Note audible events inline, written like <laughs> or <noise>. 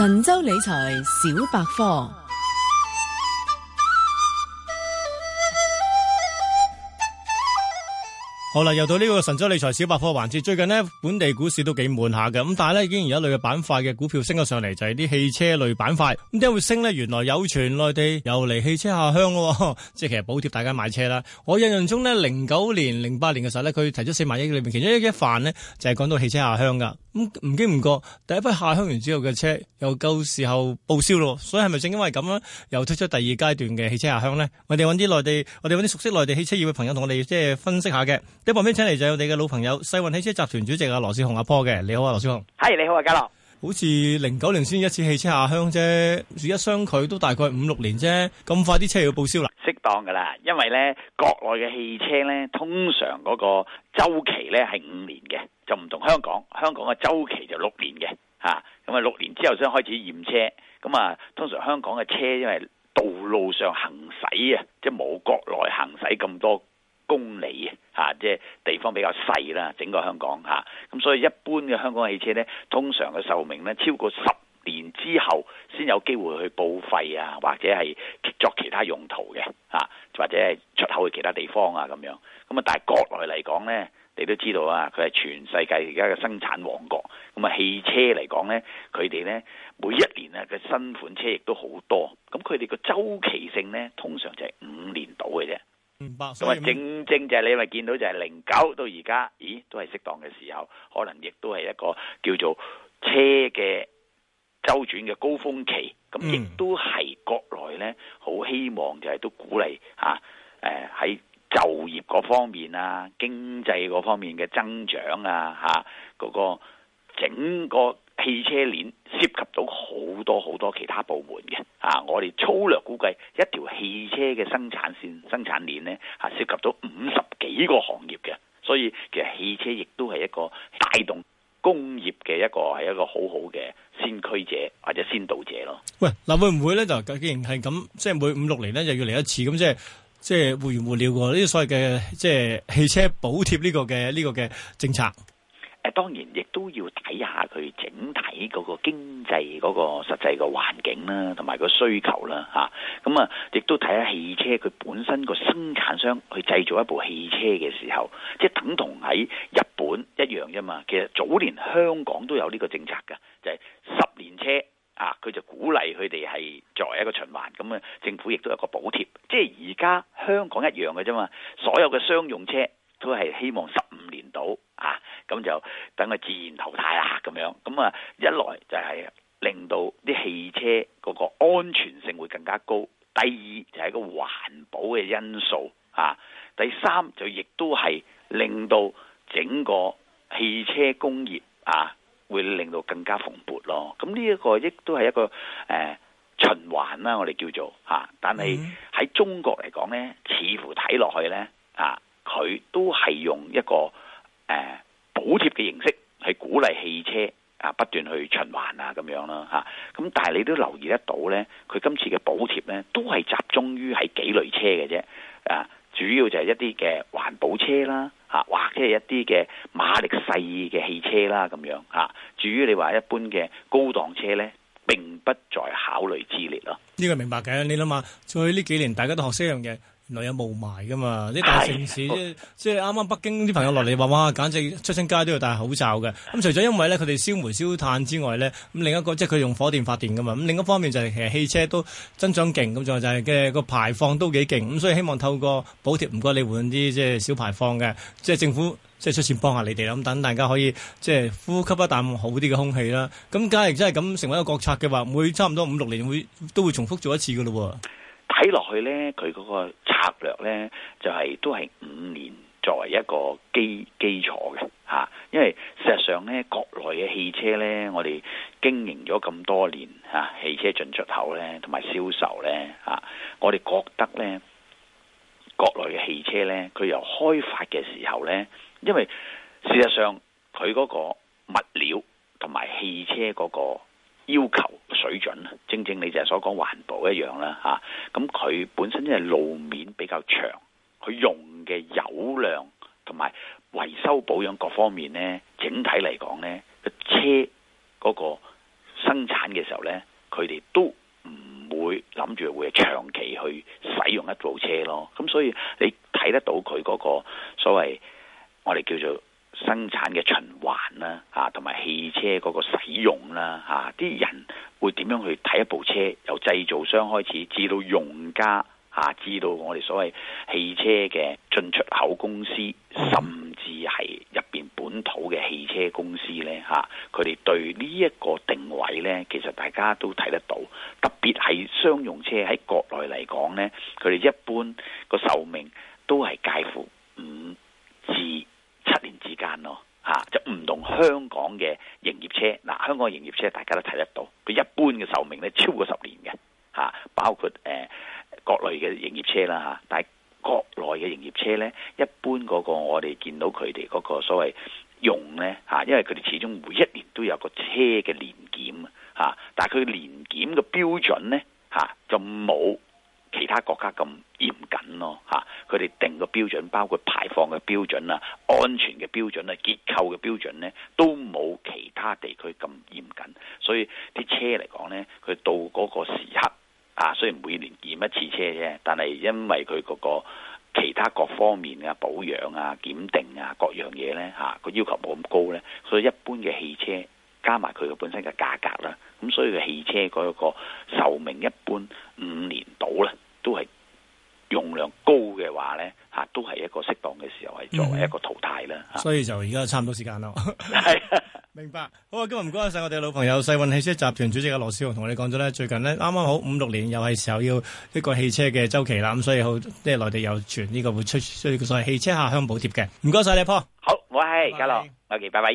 神州理財小百科。好啦，又到呢個神州理財小百科環節。最近呢，本地股市都幾悶下嘅，咁但係呢，竟然有一類嘅板塊嘅股票升咗上嚟，就係、是、啲汽車類板塊。咁點解會升呢？原來有傳內地又嚟汽車下鄉咯，即係其實補貼大家買車啦。我印象中呢，零九年、零八年嘅時候呢，佢提出四萬億裏邊，其中一,一帆呢，就係、是、講到汽車下鄉噶。咁唔經唔覺，第一批下鄉完之後嘅車又夠時候報銷咯，所以係咪正因為咁樣又推出第二階段嘅汽車下鄉呢？我哋揾啲內地，我哋揾啲熟悉內地汽車業嘅朋友同我哋即係分析下嘅。今旁邊我哋請嚟就有我哋嘅老朋友世運汽車集團主席阿羅少雄阿波嘅。你好啊羅少雄，係，你好啊家樂，好似零九年先一次汽車下鄉啫，而家相距都大概五六年啫，咁快啲車要報銷啦，適當噶啦，因為咧國內嘅汽車咧通常嗰個周期咧係五年嘅，就唔同香港，香港嘅周期就六年嘅，吓咁啊六年之後先開始驗車，咁啊通常香港嘅車因為道路上行駛啊，即係冇國內行駛咁多。公里啊，即係地方比較細啦，整個香港嚇，咁、啊、所以一般嘅香港的汽車呢，通常嘅壽命呢，超過十年之後，先有機會去報廢啊，或者係作其他用途嘅，嚇、啊，或者係出口去其他地方啊咁樣。咁啊，但係國內嚟講呢，你都知道啊，佢係全世界而家嘅生產王國。咁啊，汽車嚟講呢，佢哋呢，每一年啊嘅新款車亦都好多。咁佢哋個周期性呢，通常就係五年到嘅啫。咁啊，正正就係你咪見到就係零九到而家，咦，都係適當嘅時候，可能亦都係一個叫做車嘅周轉嘅高峰期，咁亦都係國內咧好希望就係都鼓勵吓，誒喺就業嗰方面啊，經濟嗰方面嘅增長啊，吓嗰個整個。汽車鏈涉及到好多好多其他部門嘅，啊，我哋粗略估計一條汽車嘅生產線、生產鏈咧，啊，涉及到五十幾個行業嘅，所以其實汽車亦都係一個帶動工業嘅一個係一個好好嘅先驅者或者先導者咯。喂，嗱，會唔會咧就既然係咁，即係每五六年咧就要嚟一次，咁即係即係冇完冇了㗎？呢啲所謂嘅即係汽車補貼呢個嘅呢個嘅政策。當然，亦都要睇下佢整體嗰個經濟嗰個實際個環境啦、啊，同埋個需求啦吓咁啊，亦、啊、都睇下汽車佢本身個生產商去製造一部汽車嘅時候，即係等同喺日本一樣啫嘛。其實早年香港都有呢個政策㗎，就係、是、十年車啊，佢就鼓勵佢哋係作為一個循環咁啊。政府亦都有個補貼，即係而家香港一樣嘅啫嘛。所有嘅商用車都係希望十五年到啊。咁就等佢自然淘汰啦，咁樣咁啊，一來就係令到啲汽車嗰個安全性會更加高；第二就係個環保嘅因素啊；第三就亦都係令到整個汽車工業啊，會令到更加蓬勃咯。咁呢一個亦都係一個誒循環啦，我哋叫做嚇，啊。但係喺中國嚟講呢，似乎睇落去呢，啊，佢都係用一個誒。呃補貼嘅形式係鼓勵汽車啊不斷去循環啊咁樣啦吓，咁但係你都留意得到呢，佢今次嘅補貼呢都係集中於係幾類車嘅啫，啊，主要就係一啲嘅環保車啦，吓或者係一啲嘅馬力細嘅汽車啦咁樣吓，至於你話一般嘅高檔車呢，並不在考慮之列咯。呢個明白嘅，你諗下，再呢幾年大家都學識一樣嘢。原來有霧霾噶嘛？啲大城市即係啱啱北京啲朋友落嚟話，哇！簡直出親街都要戴口罩嘅。咁、嗯、除咗因為咧，佢哋燒煤燒炭之外咧，咁、嗯、另一個即係佢用火電發電噶嘛。咁、嗯、另一方面就係、是、其實汽車都增長勁，咁仲就係嘅個排放都幾勁。咁、嗯、所以希望透過補貼，唔該你換啲即係小排放嘅，即係政府即係出錢幫下你哋啦。咁、嗯、等大家可以即係呼吸一啖好啲嘅空氣啦。咁假如真係咁成為一個國策嘅話，每差唔多五六年會都會重複做一次噶咯喎。睇落去呢，佢嗰個策略呢，就係都係五年作為一個基基礎嘅嚇。因為事實上呢，國內嘅汽車呢，我哋經營咗咁多年嚇、啊，汽車進出口呢，同埋銷售呢，嚇、啊，我哋覺得呢，國內嘅汽車呢，佢由開發嘅時候呢，因為事實上佢嗰個物料同埋汽車嗰個。要求水準，正正你就係所講環保一樣啦嚇。咁佢本身因為路面比較長，佢用嘅油量同埋維修保養各方面呢，整體嚟講呢，個車嗰個生產嘅時候呢，佢哋都唔會諗住會長期去使用一部車咯。咁所以你睇得到佢嗰個所謂我哋叫做。生產嘅循環啦，嚇、啊，同埋汽車嗰個使用啦，嚇、啊，啲人會點樣去睇一部車？由製造商開始，至到用家，嚇、啊，至到我哋所謂汽車嘅進出口公司，甚至係入邊本土嘅汽車公司呢。嚇、啊，佢哋對呢一個定位呢，其實大家都睇得到。特別係商用車喺國內嚟講呢，佢哋一般個壽命都係介乎五至。間、啊、咯，吓就唔同香港嘅營業車，嗱、啊、香港營業車大家都睇得到，佢一般嘅壽命咧超過十年嘅，吓、啊、包括誒國內嘅營業車啦吓、啊，但係國內嘅營業車咧，一般嗰個我哋見到佢哋嗰個所謂用咧吓、啊，因為佢哋始終每一年都有個車嘅年檢啊，但係佢年檢嘅標準咧吓、啊、就冇。其他國家咁嚴謹咯，嚇佢哋定個標準，包括排放嘅標準啊、安全嘅標準啊、結構嘅標準呢，都冇其他地區咁嚴謹。所以啲車嚟講呢，佢到嗰個時刻啊，雖然每年驗一次車啫，但係因為佢嗰個其他各方面啊、保養啊、檢定啊各樣嘢呢，個要求冇咁高呢。所以一般嘅汽車。加埋佢嘅本身嘅價格啦，咁所以佢汽車嗰個壽命一般五年到啦，都係用量高嘅話咧，都係一個適當嘅時候，係作為一個淘汰啦、嗯。所以就而家差唔多時間咯。 <laughs> <laughs> <laughs> 明白。好啊，今日唔該晒我哋老朋友世運汽車集團主席嘅羅少同我哋講咗咧，最近咧啱啱好五六年又係時候要一個汽車嘅周期啦。咁所以好，即係內地有傳呢個會出所以所謂汽車下鄉補貼嘅。唔該晒你，Paul。好，我係家樂，OK，拜拜。